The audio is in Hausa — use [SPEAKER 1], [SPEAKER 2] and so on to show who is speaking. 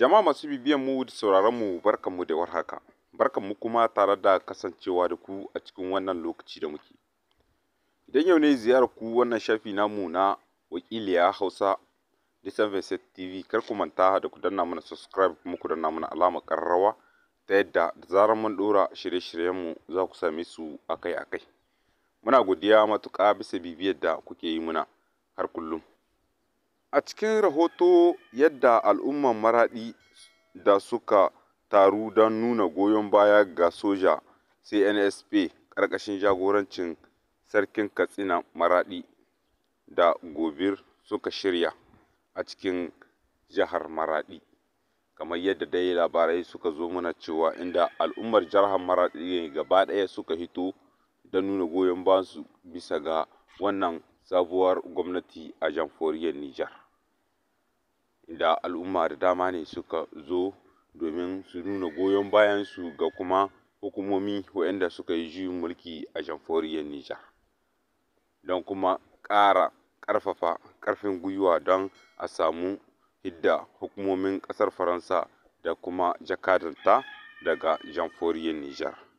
[SPEAKER 1] Jama'a masu bibiyan mu da sauraron mu barkanmu da warhaka. mu kuma tare da kasancewa da ku a cikin wannan lokaci da muke. Idan yau ne ziyarar ku wannan shafi namu na wakiliya Hausa Disanviset TV kar ku manta da ku danna mana subscribe kuma ku danna mana alama karrawa ta yadda da zarar mun dora shirye-shiryenmu za ku same su akai-akai. Muna godiya matuƙa bisa bibiyar da kuke yi muna har kullum. A cikin rahoto yadda al'ummar Maraɗi da suka taru don nuna goyon baya ga soja (CNSP) ƙarƙashin jagorancin Sarkin Katsina Maraɗi da Gobir suka shirya a cikin jihar Maraɗi, kamar yadda dai labarai suka zo mana cewa inda al'ummar jihar Maraɗi gaba ɗaya suka hito don nuna goyon bayansu bisa ga wannan sabuwar gwamnati a jamhuriyar Nijar, inda al'umma da dama ne suka zo domin su nuna goyon bayansu ga kuma hukumomi waɗanda suka yi juyin mulki a jamhuriyar Nijar, don kuma ƙara ƙarfafa ƙarfin gwiwa don a samu hidda hukumomin ƙasar Faransa da kuma jakadanta daga jamhuriyar Nijar.